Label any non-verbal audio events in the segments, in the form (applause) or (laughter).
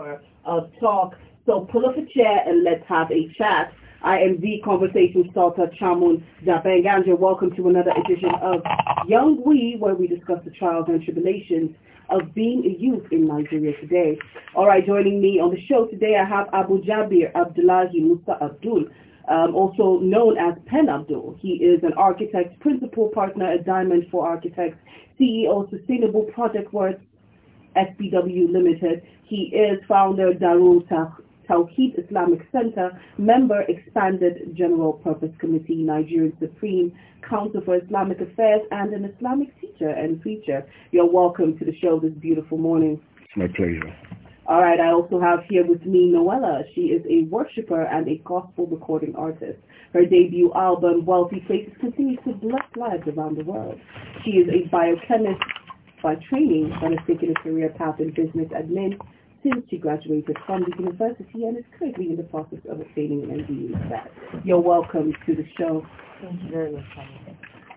or uh, talk. So pull up a chair and let's have a chat. I am the conversation starter, Chamun Dabenganja. Welcome to another edition of Young We, where we discuss the trials and tribulations of being a youth in Nigeria today. All right, joining me on the show today, I have Abu Jabir Abdullahi Musa Abdul, um, also known as Pen Abdul. He is an architect, principal partner at Diamond for Architects, CEO Sustainable Project Works, SBW Limited. He is founder Darul Tawheed Islamic Center, member Expanded General Purpose Committee, Nigerian Supreme Council for Islamic Affairs, and an Islamic teacher and preacher. You're welcome to the show this beautiful morning. It's my pleasure. All right, I also have here with me Noella. She is a worshiper and a gospel recording artist. Her debut album, Wealthy Faces continues to bless lives around the world. She is a biochemist, by training and a taken career path in business admin since she graduated from the university and is currently in the process of obtaining an MBA. You're welcome to the show. Thank you very much.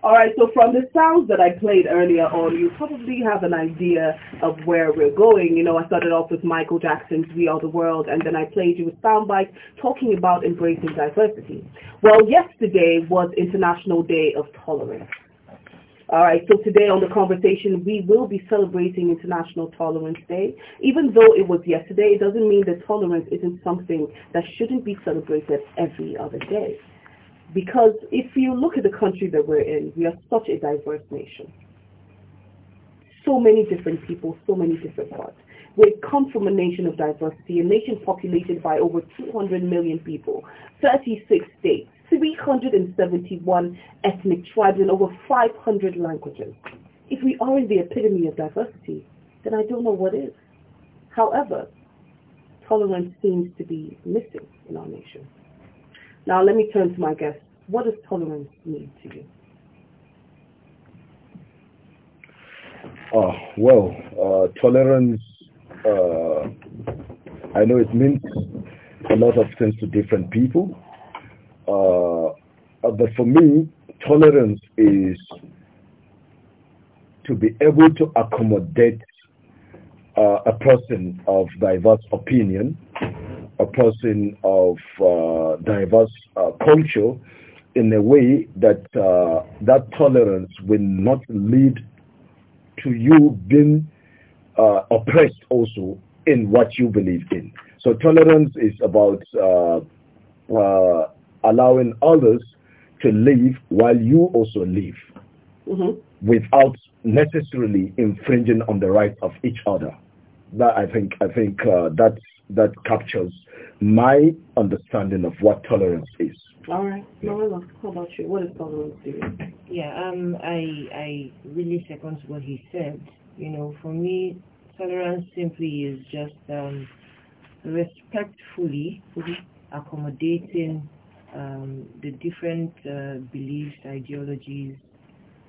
All right, so from the sounds that I played earlier on, you probably have an idea of where we're going. You know, I started off with Michael Jackson's We Are the World, and then I played you with soundbite talking about embracing diversity. Well, yesterday was International Day of Tolerance. All right, so today on the conversation, we will be celebrating International Tolerance Day. Even though it was yesterday, it doesn't mean that tolerance isn't something that shouldn't be celebrated every other day. Because if you look at the country that we're in, we are such a diverse nation. So many different people, so many different parts. We come from a nation of diversity, a nation populated by over 200 million people, 36 states, 371 ethnic tribes in over 500 languages. If we aren't the epitome of diversity, then I don't know what is. However, tolerance seems to be missing in our nation. Now let me turn to my guest. What does tolerance mean to you? Uh, well, uh, tolerance, uh, I know it means a lot of things to different people. Uh, uh, but for me, tolerance is to be able to accommodate uh, a person of diverse opinion, a person of uh, diverse uh, culture, in a way that uh, that tolerance will not lead to you being uh, oppressed also in what you believe in. So tolerance is about allowing others to live while you also live mm -hmm. without necessarily infringing on the rights of each other. That I think I think uh, that that captures my understanding of what tolerance is. All right, Marilla, how about you? What is tolerance to you? Yeah, um, I I really second what he said. You know, for me, tolerance simply is just um, respectfully accommodating um, the different uh, beliefs, ideologies,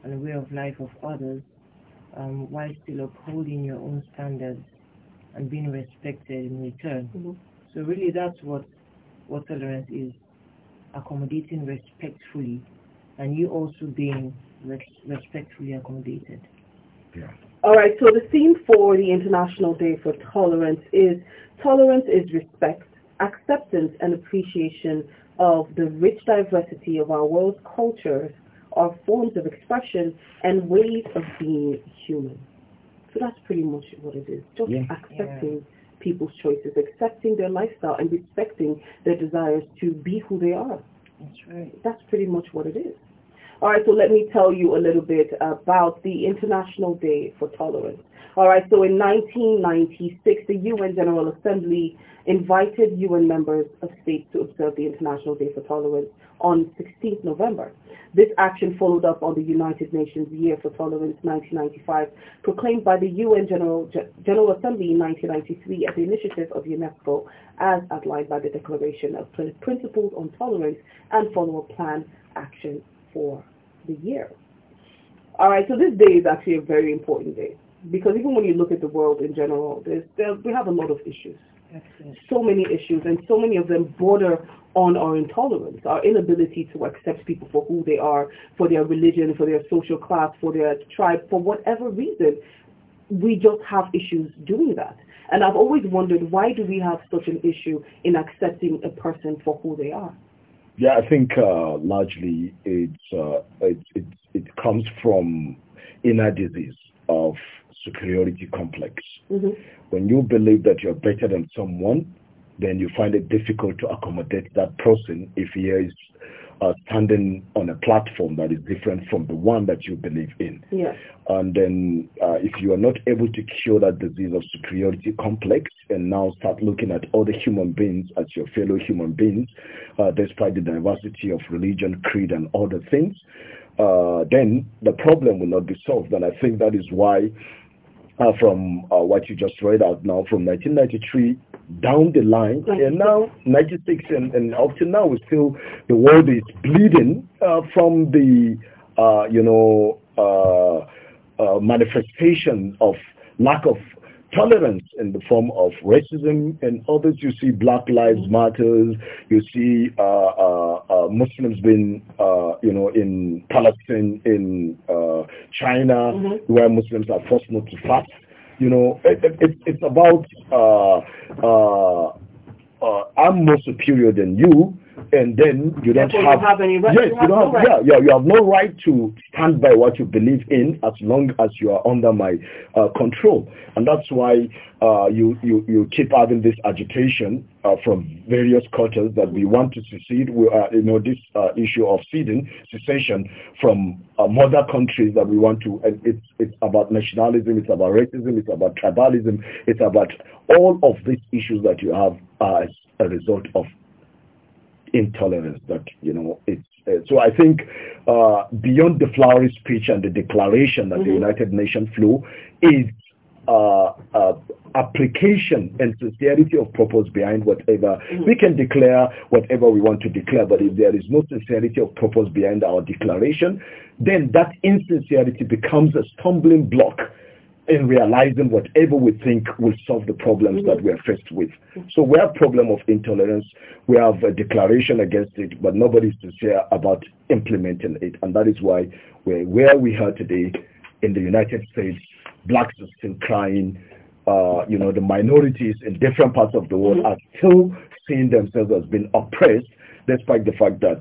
and way of life of others um, while still upholding your own standards and being respected in return. Mm -hmm. So really that's what, what tolerance is, accommodating respectfully and you also being res respectfully accommodated. Yeah. All right, so the theme for the International Day for Tolerance is Tolerance is Respect, Acceptance and Appreciation of the rich diversity of our world's cultures, our forms of expression, and ways of being human. So that's pretty much what it is. Just yeah. accepting yeah. people's choices, accepting their lifestyle, and respecting their desires to be who they are. That's right. That's pretty much what it is. All right, so let me tell you a little bit about the International Day for Tolerance. All right, so in 1996, the UN General Assembly invited UN members of states to observe the International Day for Tolerance on 16th November. This action followed up on the United Nations Year for Tolerance 1995, proclaimed by the UN General, General Assembly in 1993 at the initiative of UNESCO, as outlined by the Declaration of Principles on Tolerance and follow-up plan action for the year. All right, so this day is actually a very important day because even when you look at the world in general, there, we have a lot of issues. Excellent. So many issues, and so many of them border on our intolerance, our inability to accept people for who they are, for their religion, for their social class, for their tribe, for whatever reason. We just have issues doing that. And I've always wondered, why do we have such an issue in accepting a person for who they are? Yeah, I think uh, largely it's, uh, it, it, it comes from inner disease of superiority complex. Mm-hmm. When you believe that you're better than someone, then you find it difficult to accommodate that person if he is uh, standing on a platform that is different from the one that you believe in. Yeah. And then uh, if you are not able to cure that disease of superiority complex and now start looking at other human beings as your fellow human beings, uh, despite the diversity of religion, creed, and other things, uh, then the problem will not be solved. And I think that is why uh, from uh, what you just read out now from 1993 down the line and now 96 and, and up to now we still the world is bleeding uh, from the uh, you know uh, uh, manifestation of lack of tolerance in the form of racism and others. You see Black Lives mm-hmm. Matters. You see uh, uh, uh, Muslims being, uh, you know, in Palestine, in uh, China, mm -hmm. where Muslims are forced not to fast. You know, it, it, it's about uh, I'm more superior than you and then you don't have, you have, any right. Yes, you, you don't have, no right. yeah, yeah, you have no right to stand by what you believe in as long as you are under my uh, control. And that's why uh, you, you, you keep having this agitation uh, from various quarters that we want to secede, we, are, uh, you know, this uh, issue of ceding, secession from uh, mother countries that we want to, and it's, it's about nationalism, it's about racism, it's about tribalism, it's about all of these issues that you have as a result of intolerance that you know it's uh, so i think uh, beyond the flowery speech and the declaration that mm -hmm. the mm-hmm. united nations flew is uh, uh, application and sincerity of purpose behind whatever mm -hmm. we can declare whatever we want to declare but if there is no sincerity of purpose behind our declaration then that insincerity becomes a stumbling block in realizing whatever we think will solve the problems that mm-hmm. we're faced with. So we have problem of intolerance, we have a declaration against it, but nobody's sincere about implementing it. And that is why we're where we are today in the United States, blacks are still crying, uh, you know, the minorities in different parts of the world mm-hmm. are still seeing themselves as being oppressed, despite the fact that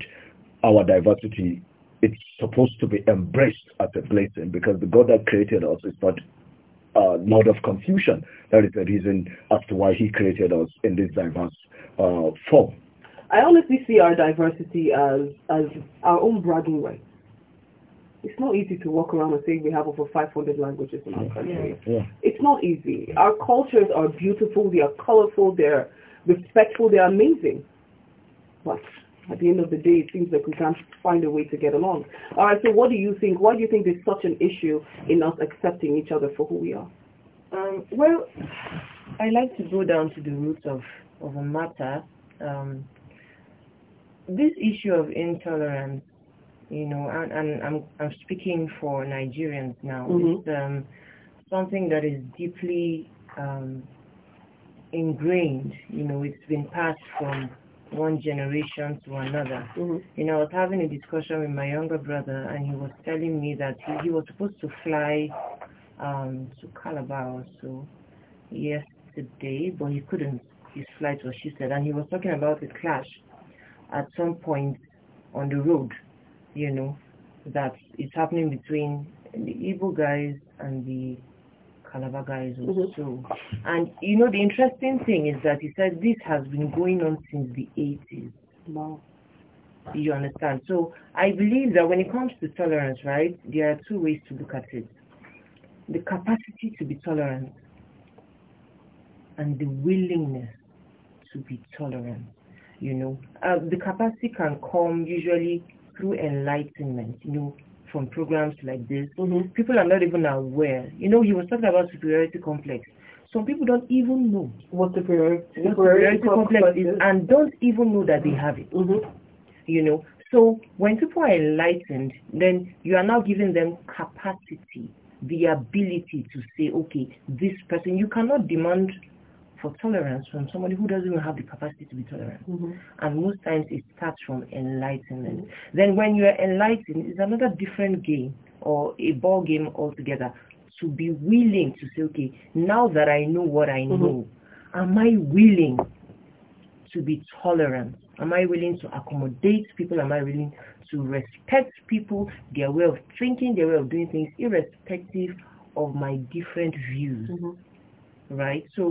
our diversity it's supposed to be embraced as a blessing because the God that created us is not uh, lot of confusion. That is the reason as to why he created us in this diverse uh, form. I honestly see our diversity as, as our own bragging rights. It's not easy to walk around and say we have over 500 languages in our country. Yeah. Yeah. It's not easy. Our cultures are beautiful, they are colorful, they're respectful, they're amazing. But at the end of the day, it seems like we can't find a way to get along. All right, so what do you think? Why do you think there's such an issue in us accepting each other for who we are? Um, well, I like to go down to the roots of, of a matter. Um, this issue of intolerance, you know, and, and I'm, I'm speaking for Nigerians now, mm -hmm. is um, something that is deeply um, ingrained, you know, it's been passed from one generation to another. Mm-hmm. You know, I was having a discussion with my younger brother, and he was telling me that he, he was supposed to fly um, to Calabar or so yesterday, but he couldn't. His flight was said, and he was talking about a clash at some point on the road, you know, that is happening between the evil guys and the Calabar guys mm-hmm. also. Mm-hmm. And you know, the interesting thing is that he said this has been going on since the 80s. Wow. You understand? So I believe that when it comes to tolerance, right, there are two ways to look at it. The capacity to be tolerant and the willingness to be tolerant. You know, uh, the capacity can come usually through enlightenment, you know, from programs like this, mm-hmm. people are not even aware. You know, you were talking about superiority complex. Some people don't even know what superiority, superiority, superiority complex, is, is, and don't even know that they mm-hmm. have it. Mm-hmm. You know, so when people are enlightened, then you are now giving them capacity, the ability to say, okay, this person, you cannot demand for tolerance from somebody who doesn't even have the capacity to be tolerant. Mm -hmm. And most times it starts from enlightenment. Mm -hmm. Then when you are enlightened, it's another different game or a ball game altogether to be willing to say, okay, now that I know what I mm-hmm. know, am I willing to be tolerant? Am I willing to accommodate people? Am I willing to respect people, their way of thinking, their way of doing things, irrespective of my different views? Mm -hmm. Right? So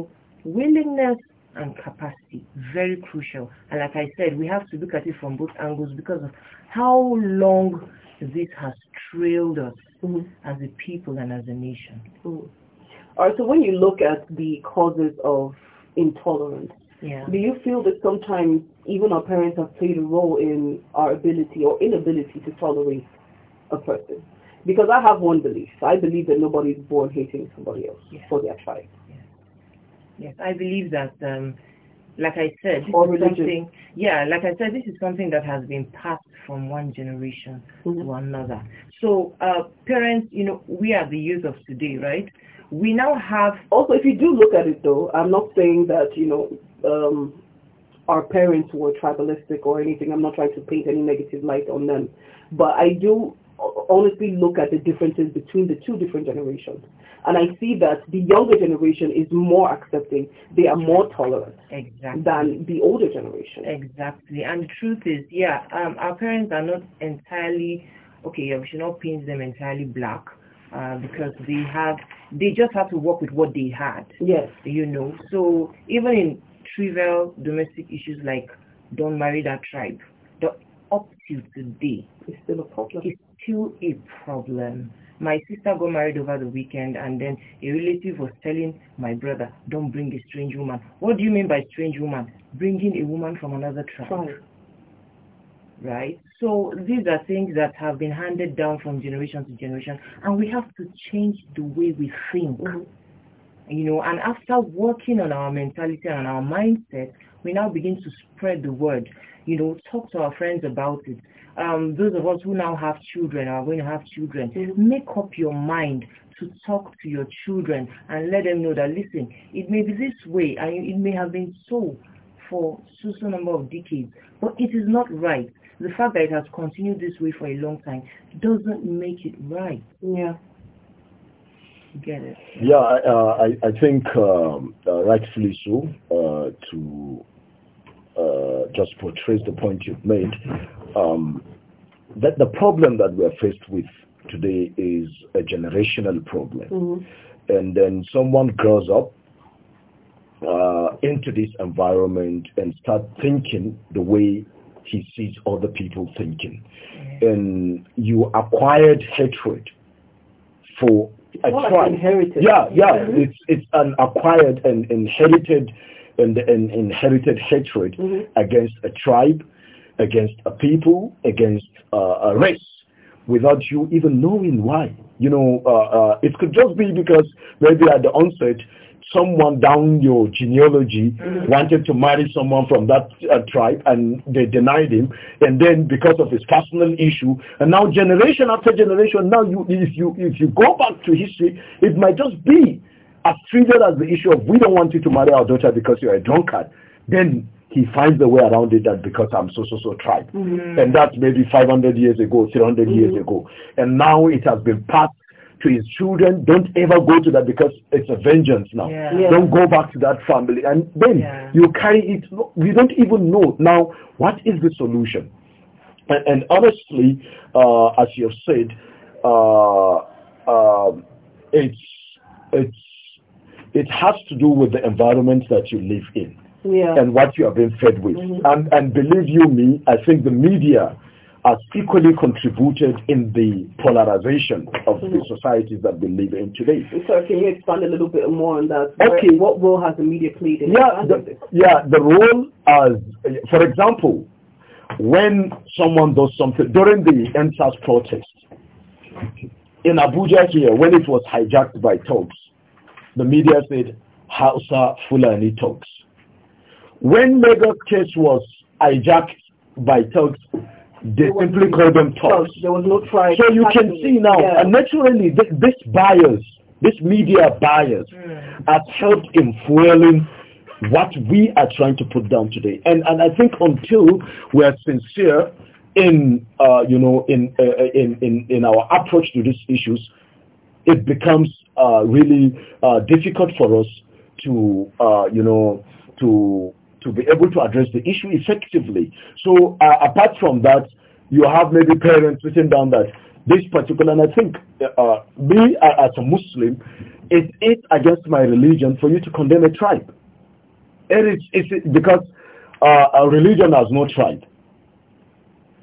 willingness and capacity. Very crucial. And like I said, we have to look at it from both angles because of how long this has trailed us mm -hmm. as a people and as a nation. Mm. All right, so when you look at the causes of intolerance, yeah. do you feel that sometimes even our parents have played a role in our ability or inability to tolerate a person? Because I have one belief. I believe that nobody is born hating somebody else yeah. for their tribe. Yes, I believe that, um, like I said, or something. Yeah, like I said, this is something that has been passed from one generation mm -hmm. to another. So uh, parents, you know, we are the youth of today, right? We now have. Also, if you do look at it, though, I'm not saying that you know um, our parents were tribalistic or anything. I'm not trying to paint any negative light on them, but I do honestly look at the differences between the two different generations. And I see that the younger generation is more accepting. They are more tolerant exactly. than the older generation. Exactly. And the truth is, yeah, um, our parents are not entirely, okay, we should not paint them entirely black. Uh, because they have, they just have to work with what they had. Yes. You know, so even in trivial domestic issues like don't marry that tribe, the, up to today, it's still a problem. It's still a problem. My sister got married over the weekend and then a relative was telling my brother, don't bring a strange woman. What do you mean by strange woman? Bringing a woman from another tribe. Sorry. Right? So these are things that have been handed down from generation to generation and we have to change the way we think. Mm -hmm. You know, and after working on our mentality and our mindset, we now begin to spread the word. You know, talk to our friends about it um, those of us who now have children are going to have children, mm-hmm. make up your mind to talk to your children and let them know that, listen, it may be this way and it may have been so for so, so number of decades, but it is not right. The fact that it has continued this way for a long time doesn't make it right. Yeah. Get it. Yeah, I, uh, I, I think um, uh, rightfully so uh, to uh, just portrays the point you've made, um, that the problem that we're faced with today is a generational problem. Mm -hmm. And then someone grows up uh, into this environment and start thinking the way he sees other people thinking. And you acquired hatred for a well, tribe. Like yeah, yeah. Mm -hmm. It's it's an acquired and inherited and, inherited hatred mm -hmm. against a tribe, against a people, against uh, a race, without you even knowing why. You know, uh, uh it could just be because maybe at the onset, someone down your genealogy mm -hmm. wanted to marry someone from that uh, tribe and they denied him and then because of his personal issue and now generation after generation now you if you if you go back to history it might just be as trivial as the issue of we don't want you to marry our daughter because you're a drunkard, then he finds a way around it that because I'm so, so, so tribe. Mm -hmm. And that's maybe 500 years ago, 300 mm -hmm. years mm-hmm. ago. And now it has been passed to his children. Don't ever go to that because it's a vengeance now. Yeah. Yeah. Don't go back to that family. And then yeah. you carry it. We don't even know now what is the solution. And, and honestly, uh, as you have said, uh, uh, it's it's it has to do with the environment that you live in yeah. and what you are being fed with. Mm -hmm. And, and believe you me, I think the media has equally contributed in the polarization of mm -hmm. the mm-hmm. societies that we live in today. So can you expand a little bit more on that? Where, okay. what role has the media played in yeah, the, Yeah, the role as, for example, when someone does something, during the NSAS protest, in Abuja here, when it was hijacked by thugs, the media said, Hausa Fulani talks. When Mega Case was hijacked by talks, they simply called them talks. There was no trying. So you can see now, yeah. and naturally, th this bias, this media bias, mm. has helped in fueling what we are trying to put down today. And and I think until we are sincere in uh, you know in, uh, in in in our approach to these issues, it becomes uh, really uh, difficult for us to, uh, you know, to to be able to address the issue effectively. So apart from that, you have maybe parents written down that this particular, and I think uh, me as a Muslim, it is against my religion for you to condemn a tribe. It is it's because uh, a religion has no tribe.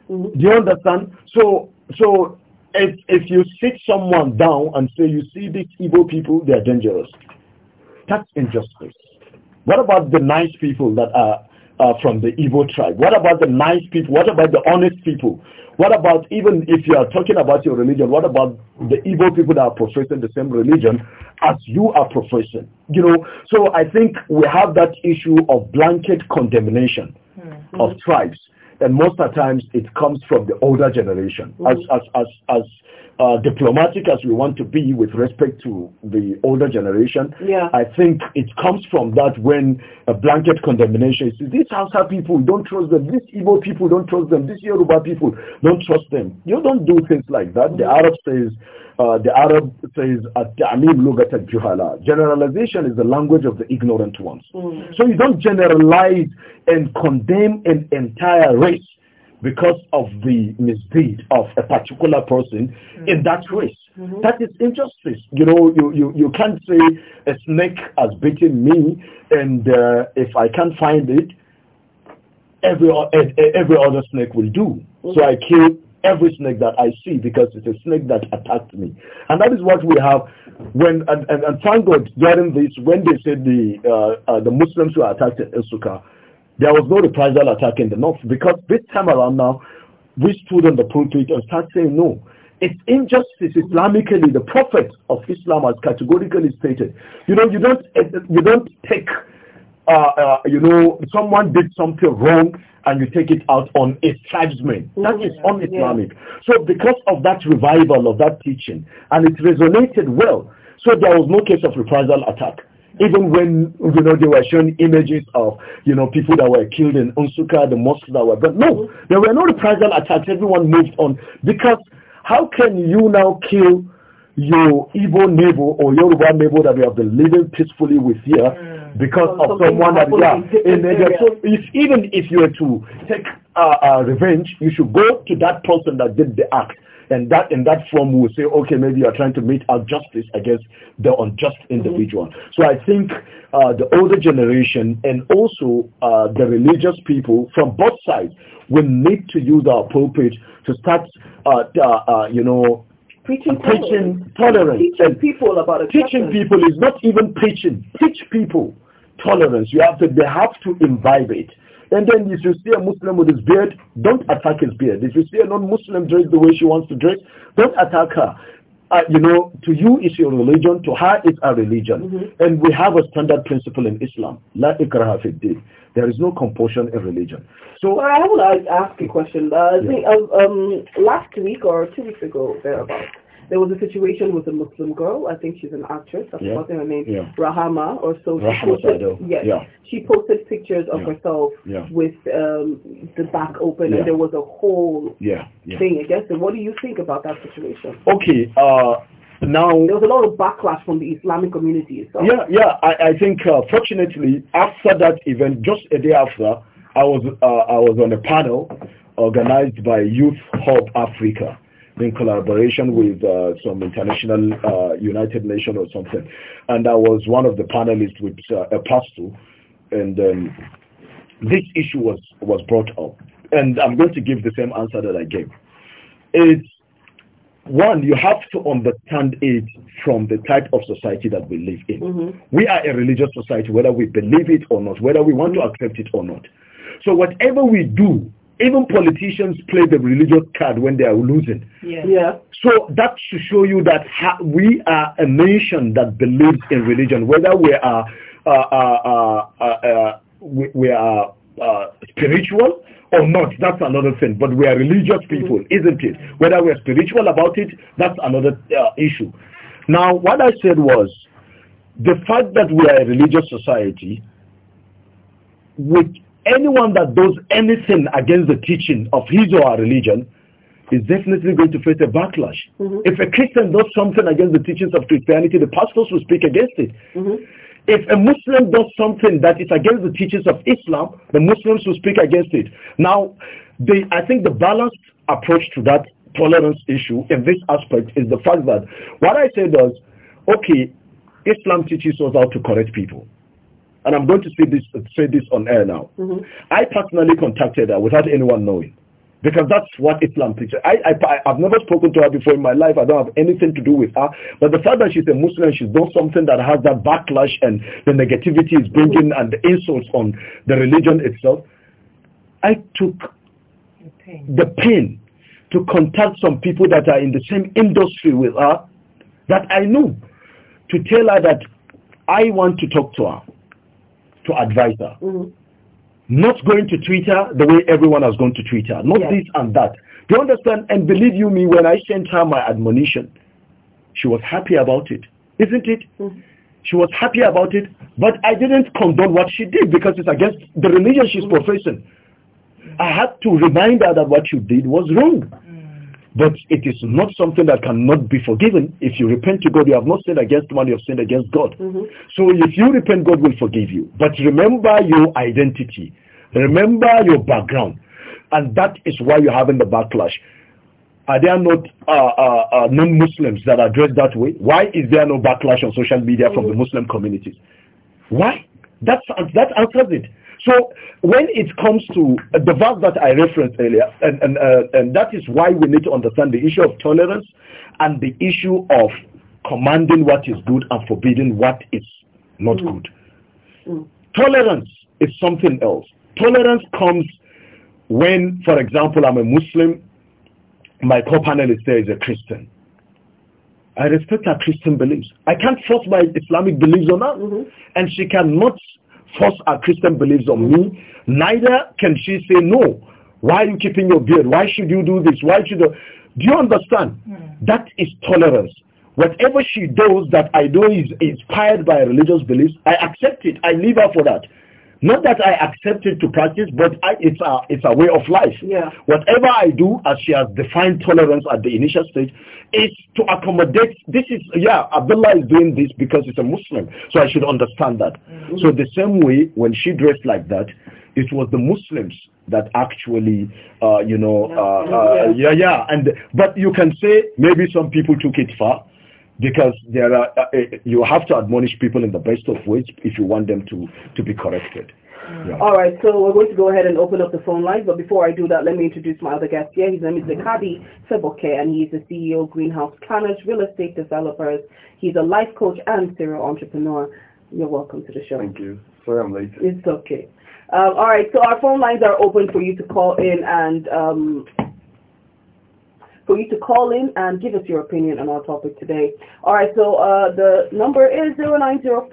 Mm-hmm. Do you understand? So, so if, if you sit someone down and say, you see these evil people, they are dangerous. That's injustice. What about the nice people that are uh, from the evil tribe? What about the nice people? What about the honest people? What about even if you are talking about your religion, what about the evil people that are professing the same religion as you are professing? You know, so I think we have that issue of blanket condemnation mm -hmm. of tribes and most of the times it comes from the older generation. Mm -hmm. As, as, as, as uh, diplomatic as we want to be with respect to the older generation, yeah. I think it comes from that when a blanket condemnation is, these Hausa people, don't trust them. These Igbo people, don't trust them. These Yoruba people, don't trust them. You don't do things like that. Mm -hmm. The Arab says, uh, the Arab says, at lugat juhala Generalization is the language of the ignorant ones. Mm -hmm. So you don't generalize and condemn an entire race because of the misdeed of a particular person mm. in that race. Mm-hmm. That is injustice. You know, you, you, you can't say a snake has bitten me and uh, if I can't find it, every, every other snake will do. Mm-hmm. So I kill every snake that I see because it's a snake that attacked me. And that is what we have when, and, and, and thank God during this, when they said the, uh, uh, the Muslims were attacked in Isuka, there was no reprisal attack in the north because this time around now, we stood on the pulpit and started saying no. It's injustice Islamically. The Prophet of Islam has categorically stated, you know, you don't, you don't take, uh, uh, you know, someone did something wrong and you take it out on a tribesman. That is mm-hmm. un-Islamic. Yeah. So because of that revival of that teaching, and it resonated well, so there was no case of reprisal attack. Even when, you know, they were showing images of, you know, people that were killed in Unsuka, the mosques that were burned. No, there were no reprisal attacks. Everyone moved on. Because how can you now kill your evil neighbor or your Yoruba neighbor that you have been living peacefully with here mm. because so of someone that yeah in So if even if you were to take uh, uh, revenge, you should go to that person that did the act and that in that form, we will say, okay, maybe you are trying to meet out justice against the unjust mm-hmm. individual. Mm -hmm. So I think uh, the older generation and also uh, the religious people from both sides will need to use our pulpit to start, uh, uh, you know, preaching, preaching tolerance. Teaching people about Teaching people is not even preaching. Teach people tolerance. You have to, they have to imbibe it. And then if you see a Muslim with his beard, don't attack his beard. If you see a non-Muslim dress the way she wants to dress, don't attack her. Uh, you know, to you it's your religion, to her it's our religion. Mm -hmm. And we have a standard principle in Islam, la ikraha fi din. There is no compulsion in religion. So well, I would to ask a question. Uh, yeah. I think um, um, last week or two weeks ago, thereabouts, there was a situation with a Muslim girl. I think she's an actress. i forgot yeah. her name. Yeah. Rahama or so. Rahama she posted, Yes. Yeah. She posted pictures of herself with um, the back open, and there was a whole thing against it. What do you think about that situation? Okay. Uh, now there was a lot of backlash from the Islamic community. So. Yeah, yeah. I, I think uh, fortunately after that event, just a day after, I was uh, I was on a panel organized by Youth Hub Africa in collaboration with uh, some international uh, United Nations or something. And I was one of the panelists with uh, a pastor, and um, this issue was, was brought up. And I'm going to give the same answer that I gave. It's, one, you have to understand it from the type of society that we live in. Mm -hmm. We are a religious society, whether we believe it or not, whether we want to accept it or not. So whatever we do even politicians play the religious card when they are losing. Yeah. yeah. So that should show you that we are a nation that believes in religion, whether we are uh, uh, uh, uh, uh we, we, are uh, spiritual or not. That's another thing. But we are religious mm-hmm. people, mm -hmm. isn't it? Whether we are spiritual about it, that's another issue. Now, what I said was the fact that we are a religious society, which anyone that does anything against the teaching of his or her religion is definitely going to face a backlash. Mm -hmm. If a Christian does something against the teachings of Christianity, the pastors will speak against it. Mm -hmm. If a Muslim does something that is against the teachings of Islam, the Muslims will speak against it. Now, they, I think the balanced approach to that tolerance issue in this aspect is the fact that what I said was, okay, Islam teaches us how to correct people and I'm going to say this, say this on air now. Mm -hmm. I personally contacted her without anyone knowing. Because that's what Islam teaches. I, I, I've never spoken to her before in my life. I don't have anything to do with her. But the fact that she's a Muslim, and she's done something that has that backlash and the negativity is bringing and the insults on the religion itself. I took the pain, the pain to contact some people that are in the same industry with her that I knew to tell her that I want to talk to her to advise her. Mm -hmm. Not going to Twitter the way everyone has gone to Twitter. Not yes. this and that. Do you understand? And believe you me, when I sent her my admonition, she was happy about it. Isn't it? Mm -hmm. She was happy about it, but I didn't condone what she did because it's against the religion she's mm -hmm. professing. I had to remind her that what you did was wrong. But it is not something that cannot be forgiven. If you repent to God, you have not sinned against man, you have sinned against God. Mm -hmm. So if you repent, God will forgive you. But remember your identity. Remember your background. And that is why you're having the backlash. Are there not uh, uh, uh, non-Muslims that are dressed that way? Why is there no backlash on social media mm -hmm. from the mm-hmm. Muslim communities? Why? That's, that answers it. So when it comes to uh, the verse that I referenced earlier, and, and, uh, and that is why we need to understand the issue of tolerance and the issue of commanding what is good and forbidding what is not mm. good. Mm. Tolerance is something else. Tolerance comes when, for example, I'm a Muslim, my co-panelist there is a Christian. I respect her Christian beliefs. I can't force my Islamic beliefs on her, mm -hmm. and she cannot force her Christian beliefs on me. Neither can she say, no, why are you keeping your beard? Why should you do this? Why should you? Do you understand? Mm. That is tolerance. Whatever she does that I know is inspired by religious beliefs, I accept it. I leave her for that. Not that I accept it to practice, but I, it's, a, it's a way of life. Yeah. Whatever I do, as she has defined tolerance at the initial stage, is to accommodate. This is, yeah, Abdullah is doing this because he's a Muslim. So I should understand that. Mm -hmm. So the same way, when she dressed like that, it was the Muslims that actually, uh, you know, uh, uh, yeah, yeah. And but you can say maybe some people took it far, because there are uh, you have to admonish people in the best of ways if you want them to to be corrected. Mm. Yeah. All right, so we're going to go ahead and open up the phone lines, but before I do that, let me introduce my other guest here. His name is Zakabi Feboke, and he's the CEO of Greenhouse Planners Real Estate Developers. He's a life coach and serial entrepreneur. You're welcome to the show. Thank you. Sorry I'm late. It's okay. Um, all right, so our phone lines are open for you to call in and um, for you to call in and give us your opinion on our topic today. All right, so uh, the number is 0905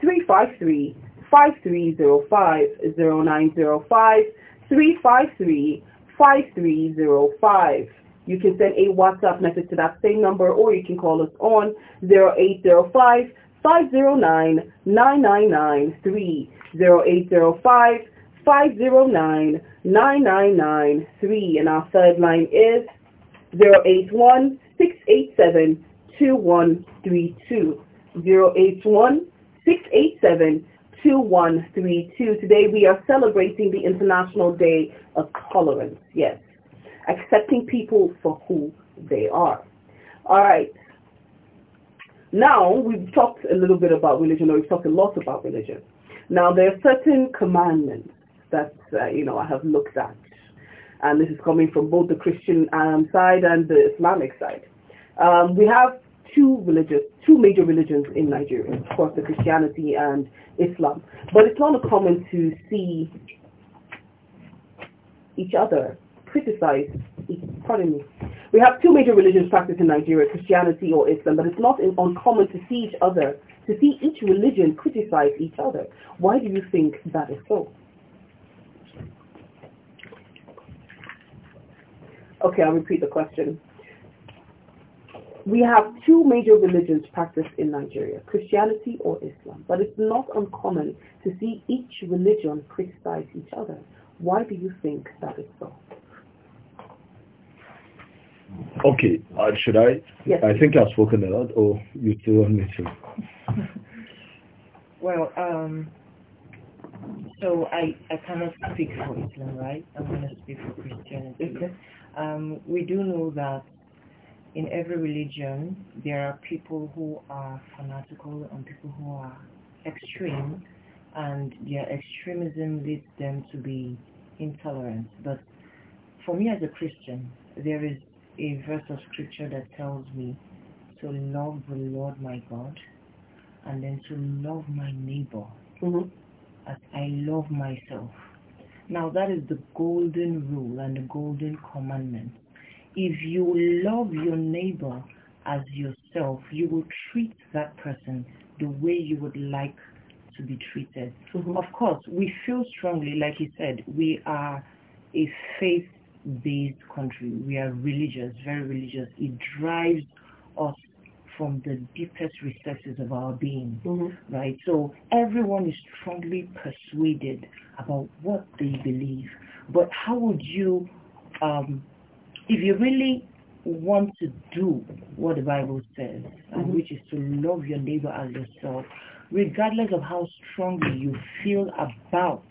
353 5305 0905 353 5305. You can send a WhatsApp message to that same number or you can call us on 0805 509 9993 0805 509 9993 and our third line is 081 687 2132. Today we are celebrating the International Day of Tolerance. Yes, accepting people for who they are. All right. Now we've talked a little bit about religion, or we've talked a lot about religion. Now there are certain commandments that uh, you know I have looked at and this is coming from both the Christian um, side and the Islamic side. Um, we have two religious, two major religions in Nigeria, of course, the Christianity and Islam. But it's not uncommon to see each other criticize. pardon me. We have two major religions practiced in Nigeria, Christianity or Islam, but it's not uncommon to see each other, to see each religion criticize each other. Why do you think that is so? Okay, I'll repeat the question. We have two major religions practiced in Nigeria, Christianity or Islam, but it's not uncommon to see each religion criticize each other. Why do you think that is so? Okay, uh, should I? Yes. I think I've spoken a lot, or you still want me to? (laughs) well, um, so I, I cannot speak for Islam, right? I'm going to speak for Christianity. Okay. Um, we do know that in every religion there are people who are fanatical and people who are extreme and their extremism leads them to be intolerant. But for me as a Christian, there is a verse of scripture that tells me to love the Lord my God and then to love my neighbor mm -hmm. as I love myself. Now that is the golden rule and the golden commandment. If you love your neighbor as yourself, you will treat that person the way you would like to be treated. Mm -hmm. Of course, we feel strongly, like you said, we are a faith-based country. We are religious, very religious. It drives us from the deepest recesses of our being, mm-hmm. right? So everyone is strongly persuaded about what they believe. But how would you, um, if you really want to do what the Bible says, mm-hmm. which is to love your neighbor as yourself, regardless of how strongly you feel about,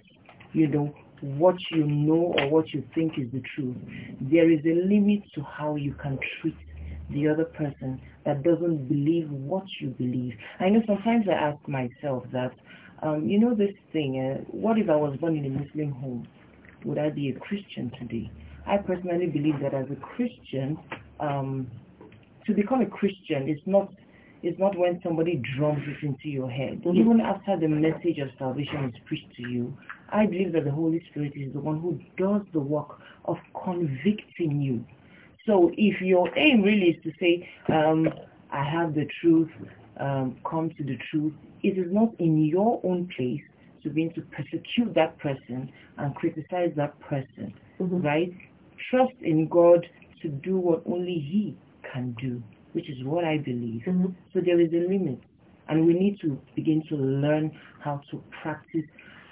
you know, what you know or what you think is the truth, there is a limit to how you can treat the other person that doesn't believe what you believe. I know sometimes I ask myself that, um, you know this thing, uh, what if I was born in a Muslim home? Would I be a Christian today? I personally believe that as a Christian, um, to become a Christian is not it's not when somebody drums it into your head. Mm -hmm. Even after the message of salvation is preached to you, I believe that the Holy Spirit is the one who does the work of convicting you so if your aim really is to say, um, I have the truth, um, come to the truth, it is not in your own place to begin to persecute that person and criticize that person, mm -hmm. right? Trust in God to do what only he can do, which is what I believe. Mm -hmm. So there is a limit. And we need to begin to learn how to practice,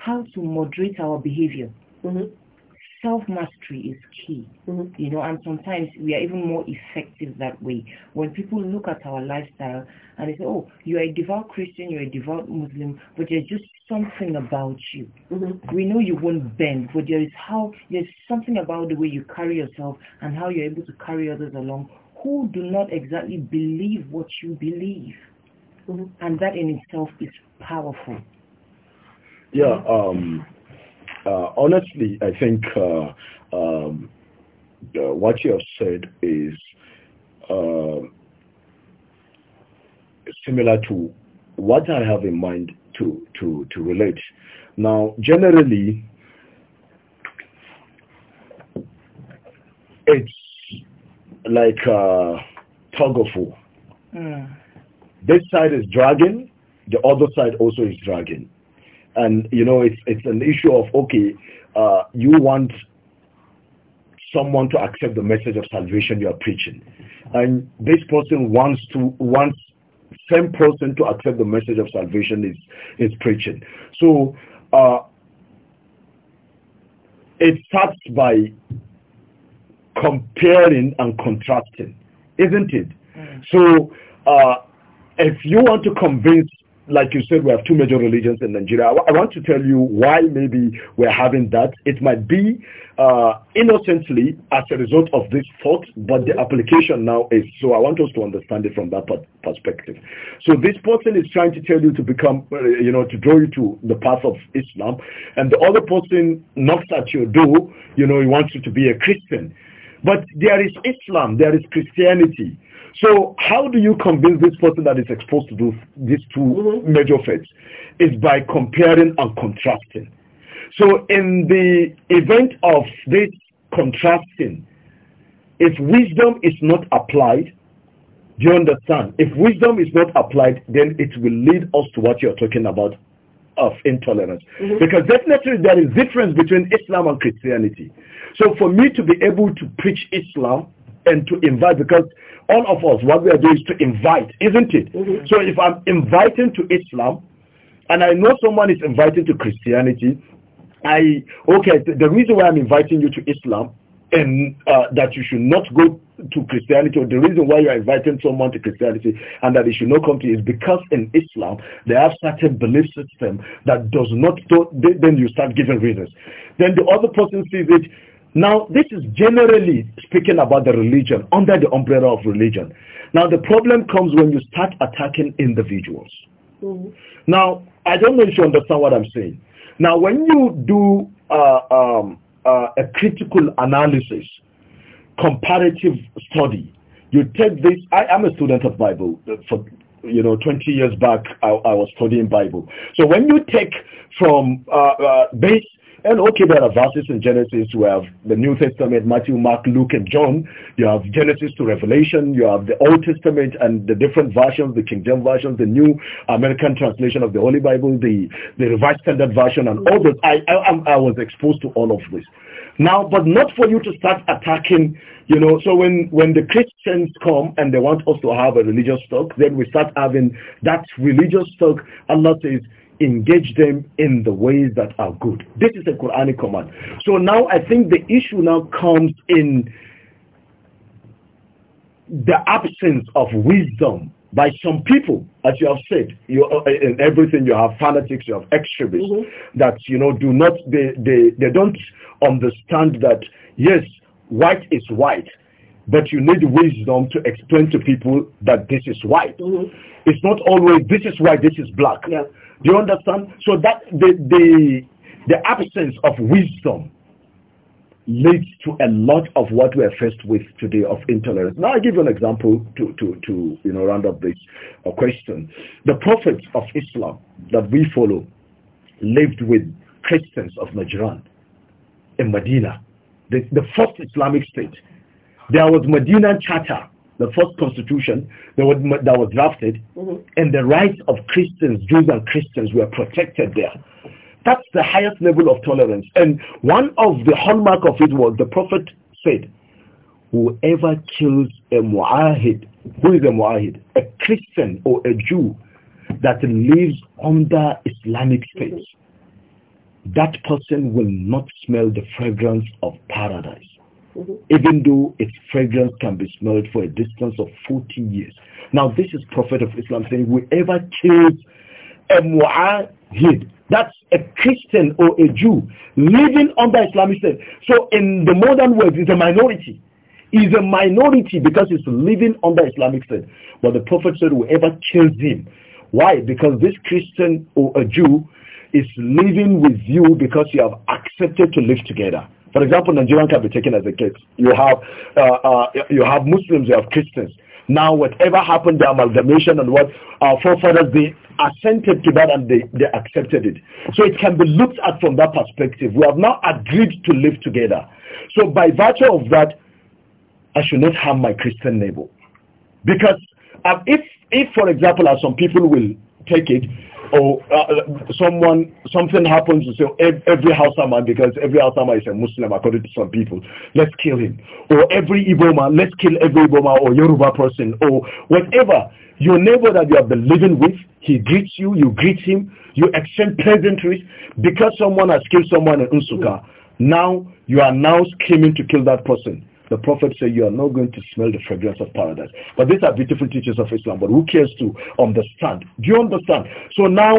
how to moderate our behavior. Mm -hmm self-mastery is key. Mm -hmm. You know, and sometimes we are even more effective that way. When people look at our lifestyle and they say, oh, you're a devout Christian, you're a devout Muslim, but there's just something about you. Mm -hmm. We know you won't bend, but there is how, there's something about the way you carry yourself and how you're able to carry others along who do not exactly believe what you believe. Mm -hmm. And that in itself is powerful. Yeah, mm-hmm. um, uh, honestly, I think uh, um, uh, what you have said is um, similar to what I have in mind to, to, to relate. Now, generally, it's like a tug of war. Mm. This side is dragging, the other side also is dragging and you know it's it's an issue of okay uh, you want someone to accept the message of salvation you are preaching and this person wants to wants same person to accept the message of salvation is is preaching so uh, it starts by comparing and contrasting isn't it mm. so uh, if you want to convince like you said, we have two major religions in Nigeria. I want to tell you why maybe we're having that. It might be uh, innocently as a result of this thought, but the application now is so. I want us to understand it from that perspective. So this person is trying to tell you to become, uh, you know, to draw you to the path of Islam, and the other person knocks at your door. You know, he wants you to be a Christian, but there is Islam, there is Christianity. So how do you convince this person that is exposed to those, these 2 mm -hmm. major faiths? Is by comparing and contrasting. So in the event of this contrasting, if wisdom is not applied, do you understand? If wisdom is not applied, then it will lead us to what you're talking about of intolerance. Mm -hmm. Because definitely there is difference between Islam and Christianity. So for me to be able to preach Islam, and to invite because all of us, what we are doing is to invite, isn't it? Mm -hmm. So if I'm inviting to Islam and I know someone is inviting to Christianity, I, okay, th the reason why I'm inviting you to Islam and uh, that you should not go to Christianity or the reason why you're inviting someone to Christianity and that they should not come to you is because in Islam they have certain belief system that does not, then you start giving reasons. Then the other person sees it, now, this is generally speaking about the religion, under the umbrella of religion. Now, the problem comes when you start attacking individuals. Mm -hmm. Now, I don't know if you understand what I'm saying. Now, when you do uh, um, uh, a critical analysis, comparative study, you take this, I am a student of Bible uh, for you know, 20 years back, I, I, was studying Bible. So when you take from uh, uh, and okay, there are verses in Genesis. You have the New Testament, Matthew, Mark, Luke, and John. You have Genesis to Revelation. You have the Old Testament and the different versions, the King James Version, the New American Translation of the Holy Bible, the, the Revised Standard Version, and all those. I, I, I was exposed to all of this. Now, but not for you to start attacking, you know, so when, when the Christians come and they want us to have a religious talk, then we start having that religious talk. Allah says, engage them in the ways that are good. This is a Quranic command. So now I think the issue now comes in the absence of wisdom by some people, as you have said, you, uh, in everything you have fanatics, you have extremists mm -hmm. that you know do not they, they they don't understand that yes, white is white, but you need wisdom to explain to people that this is white. Mm -hmm. It's not always this is white, this is black. Yeah. Do you understand? So that the, the, the absence of wisdom leads to a lot of what we are faced with today of intolerance. Now I give you an example to, to, to you know, round up this uh, question. The prophets of Islam that we follow lived with Christians of Najran in Medina, the, the first Islamic state. There was Medina Charter the first constitution that was, that was drafted, mm -hmm. and the rights of Christians, Jews and Christians were protected there. That's the highest level of tolerance. And one of the hallmark of it was the Prophet said, whoever kills a mu'ahid, who is a mu'ahid? A Christian or a Jew that lives under Islamic states, mm -hmm. that person will not smell the fragrance of paradise. Mm -hmm. even though its fragrance can be smelled for a distance of 40 years. Now, this is Prophet of Islam saying, whoever kills a mu'ahid, that's a Christian or a Jew living under Islamic state. So in the modern world, it's a minority. He's a minority because he's living under Islamic state. But the Prophet said, whoever kills him, why? Because this Christian or a Jew is living with you because you have accepted to live together. For example, Nigerian can be taken as a case. You have uh, uh, you have Muslims, you have Christians. Now, whatever happened, the amalgamation and what our forefathers they assented to that and they, they accepted it. So it can be looked at from that perspective. We have now agreed to live together. So by virtue of that, I should not harm my Christian neighbor. Because um, if, if, for example, as some people will take it, oh, uh, someone, something happens to say, every Hausa man, because every Hausa man is a Muslim, according to some people, let's kill him. Or every Iboma, man, let's kill every Iboma man or Yoruba person or whatever. Your neighbor that you have been living with, he greets you, you greet him, you exchange pleasantries because someone has killed someone in Unsuka. Now, you are now scheming to kill that person. The Prophet said, you are not going to smell the fragrance of paradise. But these are beautiful teachings of Islam, but who cares to understand? Do you understand? So now,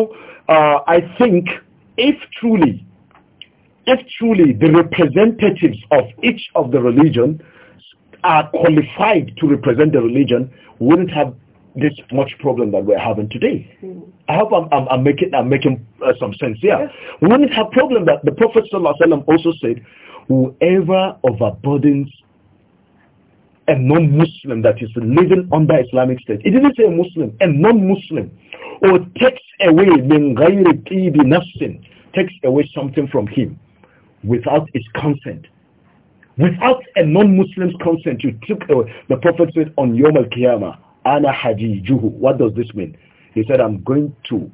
uh, I think if truly, if truly the representatives of each of the religion are qualified to represent the religion, wouldn't have this much problem that we're having today. Mm. I hope I'm, I'm, I'm, making, I'm making uh, some sense here. Yes. We wouldn't have problem that the Prophet also said, whoever overburdens a non-Muslim that is living under Islamic State. It didn't say a Muslim, a non-Muslim. Or takes away min ghayri nafsin, takes away something from him without his consent. Without a non-Muslim's consent, you took away. The Prophet said on Yom al-Qiyamah, ana hajijuhu. What does this mean? He said, I'm going to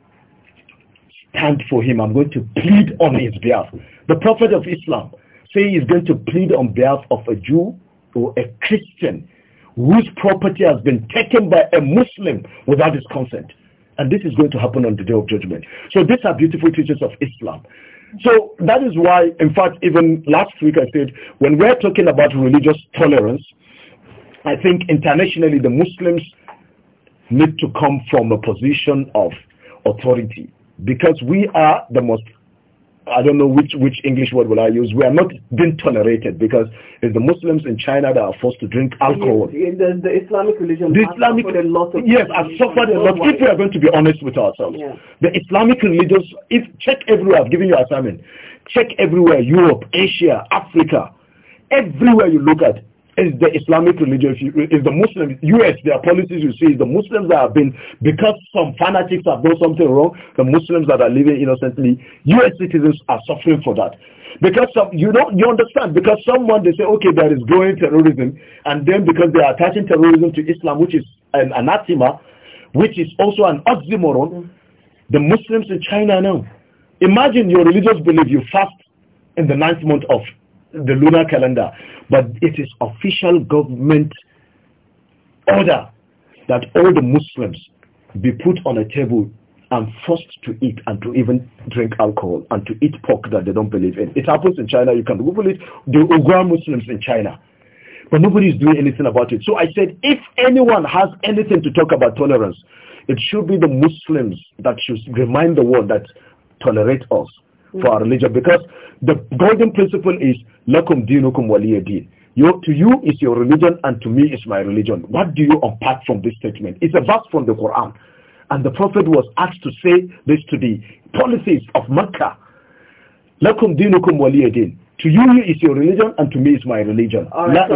stand for him. I'm going to plead on his behalf. The Prophet of Islam say he's going to plead on behalf of a Jew, or a Christian whose property has been taken by a Muslim without his consent. And this is going to happen on the day of judgment. So these are beautiful teachings of Islam. So that is why, in fact, even last week I said, when we're talking about religious tolerance, I think internationally the Muslims need to come from a position of authority because we are the most I don't know which, which English word will I use. We are not being tolerated because it's the Muslims in China that are forced to drink alcohol. the, the, Islamic religion the Islamic, suffered a lot of Yes, has suffered a lot. If we are going to be honest with ourselves, yeah. the Islamic religions, if check everywhere, I've given you assignment, check everywhere, Europe, Asia, Africa, everywhere you look at, is the Islamic religion, is the Muslims, US, their policies you see, is the Muslims that have been, because some fanatics have done something wrong, the Muslims that are living innocently, US citizens are suffering for that. Because some, you not you understand, because someone, they say, okay, there is growing terrorism, and then because they are attaching terrorism to Islam, which is an anathema, which is also an oxymoron, the Muslims in China now, imagine your religious belief, you fast in the ninth month of the lunar calendar, but it is official government order that all the Muslims be put on a table and forced to eat and to even drink alcohol and to eat pork that they don't believe in. It happens in China. You can Google it. The Uyghur Muslims in China. But nobody is doing anything about it. So I said, if anyone has anything to talk about tolerance, it should be the Muslims that should remind the world that tolerate us for our mm. religion. Because the golden principle is Lakum dinukum waliyadin. Your, to you is your religion and to me is my religion. What do you unpack from this statement? It's a verse from the Quran. And the Prophet was asked to say this to the policies of Mecca. Lakum dinukum waliyadin. To you is your religion and to me is my religion. La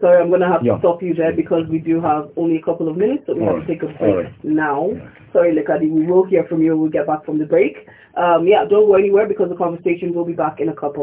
Sorry, I'm going to have to yeah. stop you there because we do have only a couple of minutes, so we All have right. to take a break right. now. Sorry, Lekadi, we will hear from you when we get back from the break. Um, yeah, don't go anywhere because the conversation will be back in a couple.